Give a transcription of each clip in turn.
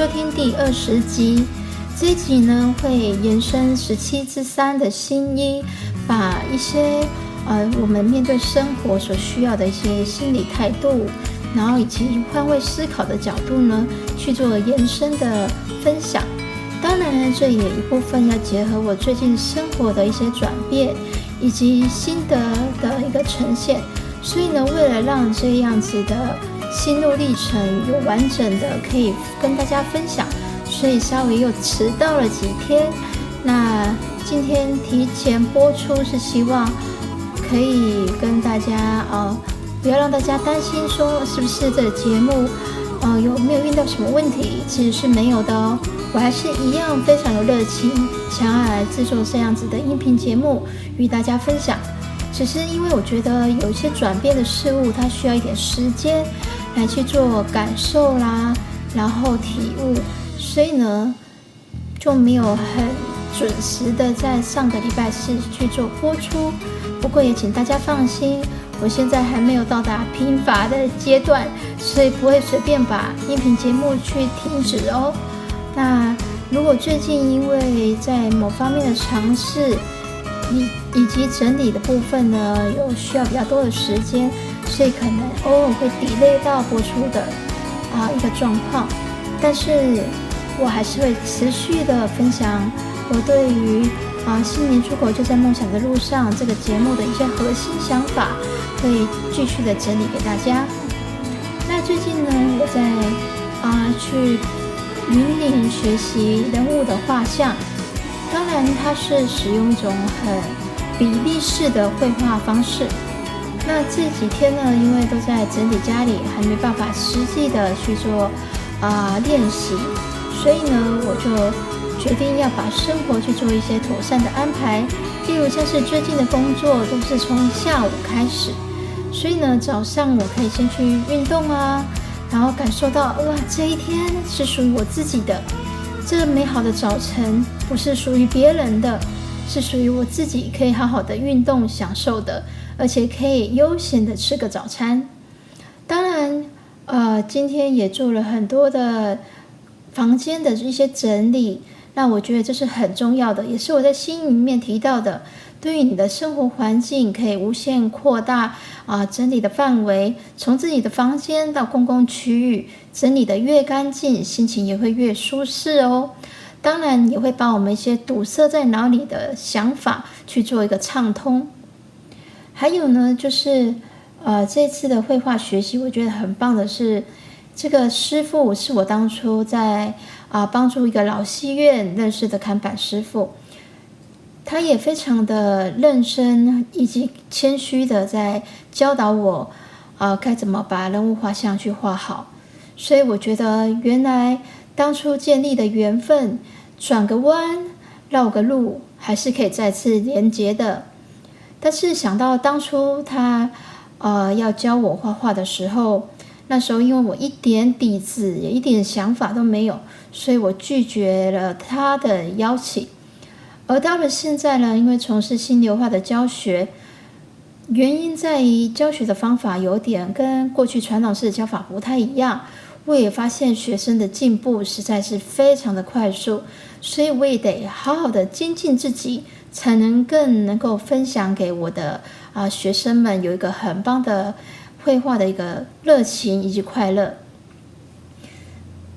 收聽第二十集，這一集呢會延伸十七之三的新音，把一些呃我們面對生活所需要的一些心理態度，然後以及換位思考的角度呢去做延伸的分享。當然呢，這也一部分要結合我最近生活的一些轉變以及心得的一個呈現。所以呢，為了讓這樣子的心路歷程有完整的可以跟大家分享，所以稍微又遲到了幾天。那今天提前播出是希望可以跟大家呃，不要讓大家擔心說是不是這個節目呃有沒有遇到什麼問題？其實是沒有的哦，我還是一樣非常有熱情想要來製作這樣子的音頻節目與大家分享。只是因為我覺得有一些轉變的事物，它需要一點時間。來去做感受啦，然後體悟，所以呢就沒有很準時的在上個禮拜四去做播出。不過也請大家放心，我現在還沒有到達疲乏的階段，所以不會隨便把音頻節目去停止哦。那如果最近因為在某方面的嘗試，以以及整理的部分呢，又需要比較多的時間。所以可能偶爾會 delay 到播出的啊一個狀況，但是我還是會持續的分享我對於啊心靈出口就在夢想的路上這個節目的一些核心想法，可以繼續的整理給大家。那最近呢，我在啊去雲頂學習人物的畫像，當然它是使用一種很比例式的繪畫方式。那這幾天呢，因為都在整理家裡，還沒辦法實際的去做啊、呃、練習，所以呢，我就決定要把生活去做一些妥善的安排。例如像是最近的工作都是從下午開始，所以呢，早上我可以先去運動啊，然後感受到哇，這一天是屬於我自己的。這美好的早晨不是屬於別人的，是屬於我自己，可以好好的運動享受的。而且可以悠閒的吃個早餐。當然，呃，今天也做了很多的房間的一些整理。那我覺得這是很重要的，也是我在心裡面提到的。對於你的生活環境，可以無限擴大啊，呃，整理的範圍，從自己的房間到公共區域，整理得越乾淨，心情也會越舒適哦。當然，也會把我們一些堵塞在腦裡的想法去做一個暢通。還有呢，就是呃，這次的繪畫學習，我覺得很棒的是，這個師傅是我當初在啊、呃、幫助一個老戲院認識的看板師傅，他也非常的認真以及謙虛的在教導我啊、呃、該怎麼把人物畫像去畫好，所以我覺得原來當初建立的緣分，轉個彎繞個路，還是可以再次連接的。但是想到當初他，呃，要教我畫畫的時候，那時候因為我一點底子，也一點想法都沒有，所以我拒絕了他的邀請。而到了現在呢，因為從事心流畫的教學，原因在於教學的方法有點跟過去傳統式的教法不太一樣。我也發現學生的進步實在是非常的快速，所以我也得好好的精進自己。才能更能夠分享給我的啊、呃、學生們有一個很棒的繪畫的一個熱情以及快樂。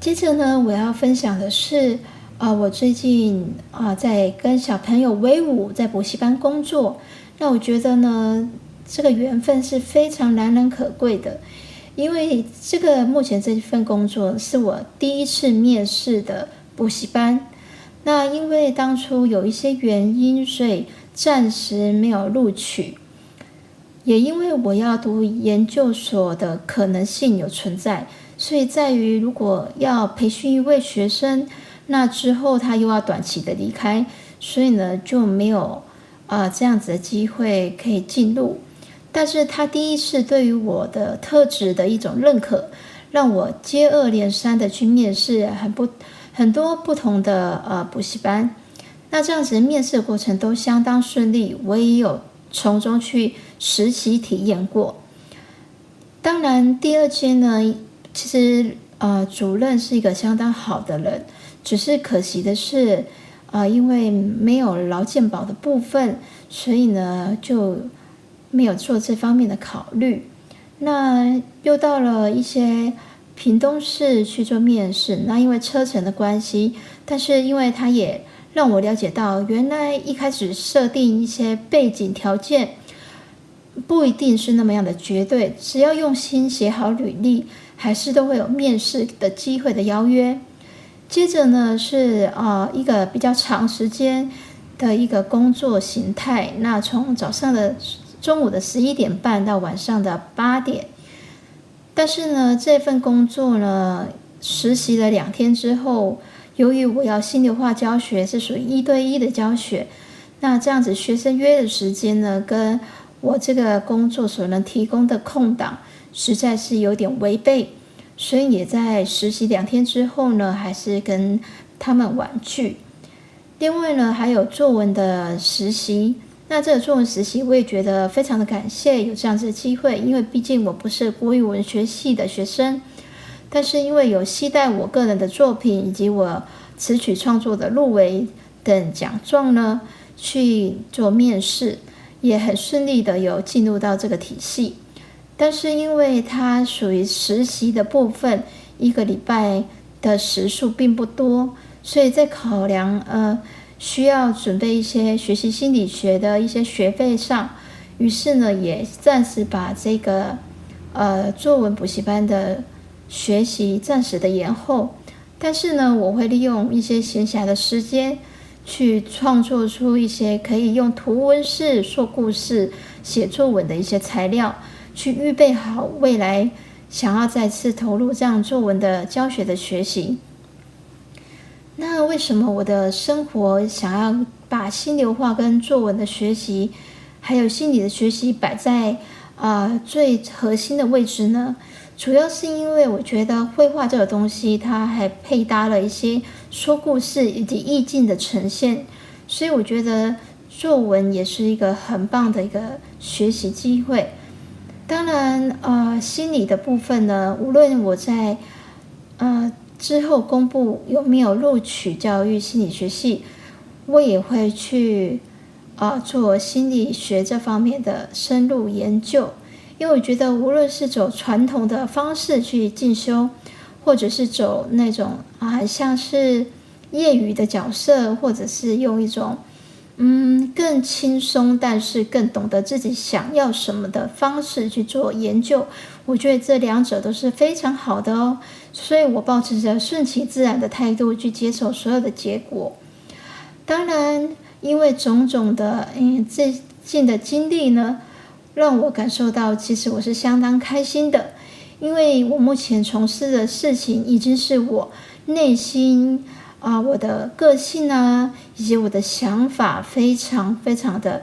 接着呢，我要分享的是啊、呃，我最近啊、呃、在跟小朋友威武在補習班工作，那我覺得呢，這個緣分是非常難能可貴的，因為，這個目前這一份工作是我第一次面試的補習班。那因為當初有一些原因，所以暫時沒有錄取。也因為我要讀研究所的可能性有存在，所以在於如果要培訓一位學生，那之後他又要短期的離開，所以呢就沒有啊、呃、這樣子的機會可以進入。但是他第一次對於我的特質的一種認可，讓我接二連三的去面試，很不。很多不同的呃補習班，那這樣子面試過程都相當順利，我也有從中去實習體驗過。當然，第二間呢，其實呃主任是一個相當好的人，只是可惜的是，啊、呃、因為沒有勞健保的部分，所以呢就沒有做這方面的考慮。那又到了一些。屏東市去做面試，那因為車程的關係，但是因為他也讓我了解到，原來一開始設定一些背景條件，不一定是那麼樣的絕對，只要用心寫好履歷，還是都會有面試的機會的邀約。接着呢是啊，呃，一個比較長時間的一個工作形態，那從早上的中午的十一點半到晚上的八點。但是呢，這份工作呢，實習了兩天之後，由於我要心理化教學，是屬於一對一的教學，那這樣子學生約的時間呢，跟我這個工作所能提供的空檔，實在是有點違背，所以也在實習兩天之後呢，還是跟他們婉拒。另外呢，還有作文的實習。那這個作文實習我也覺得非常的感謝，有這樣子的機會，因為畢竟我不是國語文學系的學生，但是因為有攜帶我個人的作品以及我詞曲創作的入圍等獎狀呢去做面試，也很順利的有進入到這個體系，但是因為它屬於實習的部分，一個禮拜的時數並不多，所以在考量呃，需要準備一些學習心理學的一些學費上，於是呢，也暫時把這個呃作文補習班的學習暫時的延後。但是呢，我會利用一些閒暇的時間，去創作出一些可以用圖文式、說故事、寫作文的一些材料，去預備好未來想要再次投入這樣作文的教學的學習。為什麼我的生活想要把心流畫、跟作文的學習，還有心理的學習擺在啊、呃、最核心的位置呢？主要是因為我覺得繪畫這個東西，它還配搭了一些說故事以及意境的呈現，所以我覺得作文也是一個很棒的一個學習機會。當然，呃，心理的部分呢，無論我在呃。之後公布有沒有錄取教育心理學系，我也會去啊做心理學這方面的深入研究，因為我覺得無論是走傳統的方式去進修，或者是走那種啊像是業餘的角色，或者是用一種嗯更輕鬆但是更懂得自己想要什麼的方式去做研究，我覺得這兩者都是非常好的哦。所以我抱持着順其自然的態度去接受所有的結果。當然，因為種種的嗯最近的經歷呢，讓我感受到其實我是相當開心的，因為我目前從事的事情已經是我內心啊，我的個性啊，以及我的想法非常非常的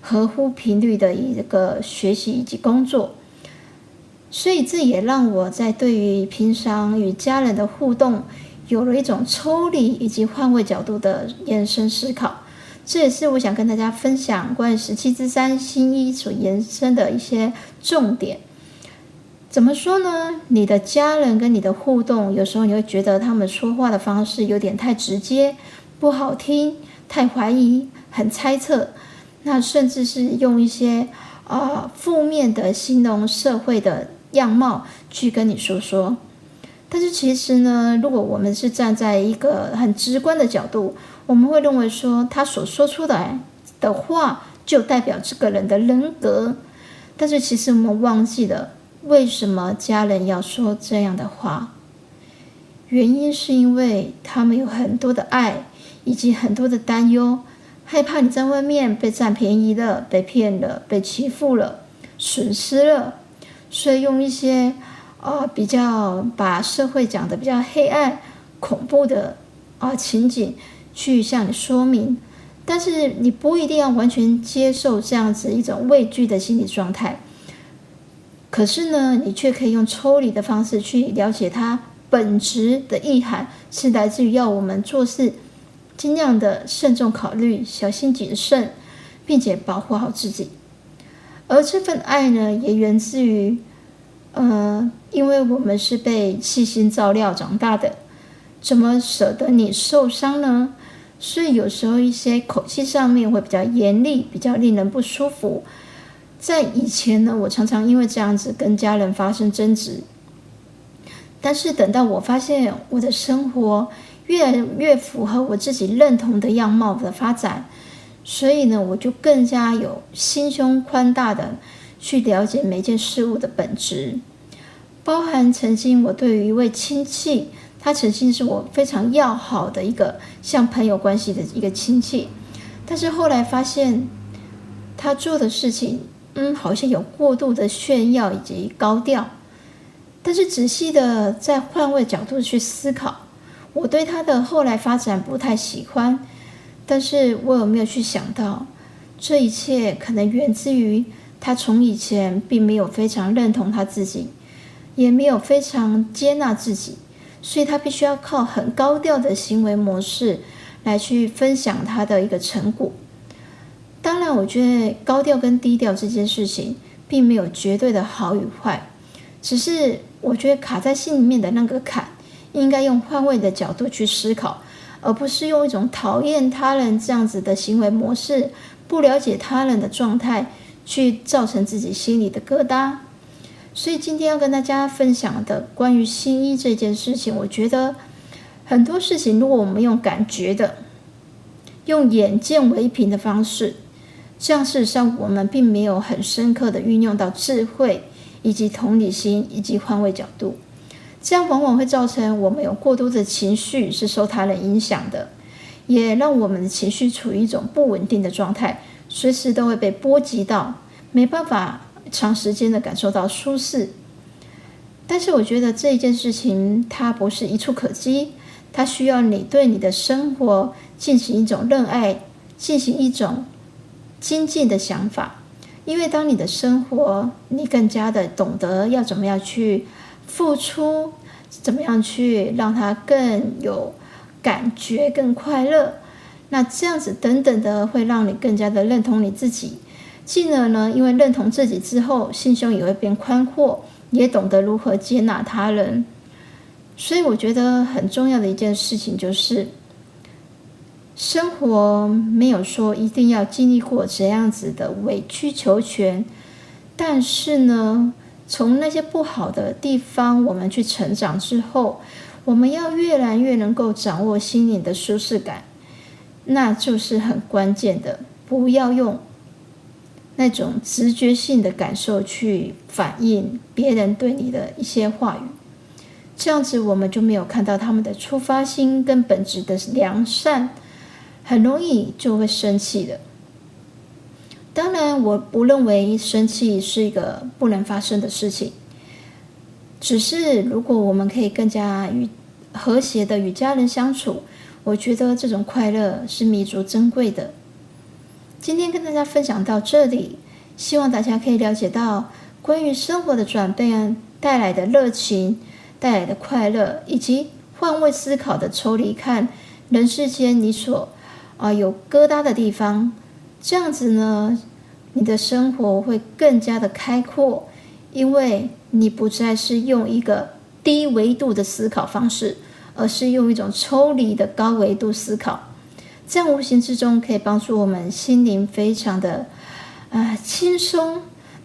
合乎頻率的一個學習以及工作。所以這也讓我在對於平常與家人的互動，有了一種抽離以及換位角度的延伸思考。這也是我想跟大家分享關於十七之三新一所延伸的一些重點。怎麼說呢？你的家人跟你的互動，有時候你會覺得他們說話的方式有點太直接，不好聽，太懷疑，很猜測，那甚至是用一些呃、啊、負面的形容社會的。樣貌去跟你說說，但是其實呢，如果我們是站在一個很直觀的角度，我們會認為說他所說出來的話就代表這個人的人格。但是其實我們忘記了，為什麼家人要說這樣的話？原因是因為他們有很多的愛，以及很多的擔憂，害怕你在外面被占便宜了、被騙了、被欺負了、損失了。所以用一些，呃，比較把社會講的比較黑暗、恐怖的啊、呃、情景，去向你說明，但是你不一定要完全接受這樣子一種畏懼的心理狀態。可是呢，你卻可以用抽離的方式去了解它本質的意涵，是來自於要我們做事儘量的慎重考慮、小心謹慎，並且保護好自己。而這份愛呢，也源自於，呃，因為我們是被細心照料長大的，怎麼捨得你受傷呢？所以有時候一些口氣上面會比較嚴厲，比較令人不舒服。在以前呢，我常常因為這樣子跟家人發生爭執。但是等到我發現我的生活越來越符合我自己認同的樣貌的發展。所以呢，我就更加有心胸寬大的去了解每件事物的本質。包含曾經我對於一位親戚，他曾經是我非常要好的一個像朋友關係的一個親戚，但是後來發現他做的事情，嗯，好像有過度的炫耀以及高調。但是仔細的在換位角度去思考，我對他的後來發展不太喜歡。但是我有沒有去想到，這一切可能源自於他從以前並沒有非常認同他自己，也沒有非常接納自己，所以他必須要靠很高調的行為模式來去分享他的一個成果。當然，我覺得高調跟低調這件事情並沒有絕對的好與壞，只是我覺得卡在心裡面的那個坎，應該用換位的角度去思考。而不是用一種討厭他人這樣子的行為模式，不了解他人的狀態，去造成自己心裡的疙瘩。所以今天要跟大家分享的關於心意這件事情，我覺得很多事情，如果我們用感覺的、用眼見為憑的方式，這樣事實上我們並沒有很深刻的運用到智慧，以及同理心，以及換位角度。這樣往往會造成我們有過多的情緒是受他人影響的，也讓我們的情緒處於一種不穩定的狀態，隨時都會被波及到，沒辦法長時間的感受到舒適。但是，我覺得這一件事情它不是一蹴可幾，它需要你對你的生活進行一種熱愛，進行一種精進的想法，因為當你的生活你更加的懂得要怎麼樣去。付出怎麼樣去讓他更有感覺、更快樂？那這樣子等等的，會讓你更加的認同你自己。進而呢，因為認同自己之後，心胸也會變寬闊，也懂得如何接納他人。所以，我覺得很重要的一件事情就是，生活沒有說一定要經歷過這樣子的委曲求全，但是呢。從那些不好的地方，我們去成長之後，我們要越來越能夠掌握心靈的舒適感，那就是很關鍵的。不要用那種直覺性的感受去反應別人對你的一些話語，這樣子我們就沒有看到他們的出發心跟本質的良善，很容易就會生氣的。當然，我不認為生氣是一個不能發生的事情。只是如果我們可以更加與和諧的與家人相處，我覺得這種快樂是彌足珍貴的。今天跟大家分享到這裡，希望大家可以了解到關於生活的轉變帶來的熱情、帶來的快樂，以及換位思考的抽離看人世間你所啊、呃、有疙瘩的地方。這樣子呢，你的生活會更加的開闊，因為你不再是用一個低維度的思考方式，而是用一種抽離的高維度思考。這樣無形之中可以幫助我們心靈非常的啊、呃、輕鬆，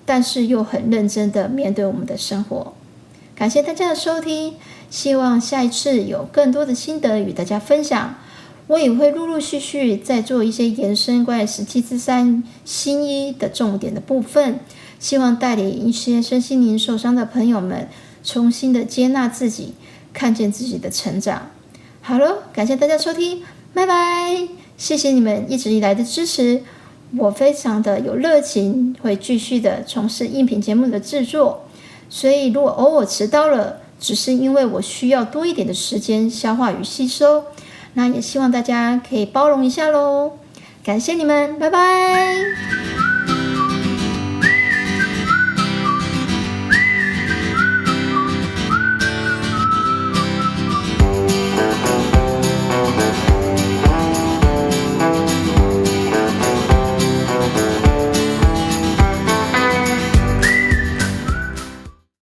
但是又很認真的面對我們的生活。感謝大家的收聽，希望下一次有更多的心得與大家分享。我也會陸陸續續在做一些延伸，關於十七之三新一的重點的部分，希望帶領一些身心靈受傷的朋友們重新的接納自己，看見自己的成長。好了，感謝大家收聽，拜拜！謝謝你們一直以來的支持，我非常的有熱情，會繼續的從事音頻節目的製作。所以，如果偶爾遲到了，只是因為我需要多一點的時間消化與吸收。那也希望大家可以包容一下嘍，感謝你們，拜拜。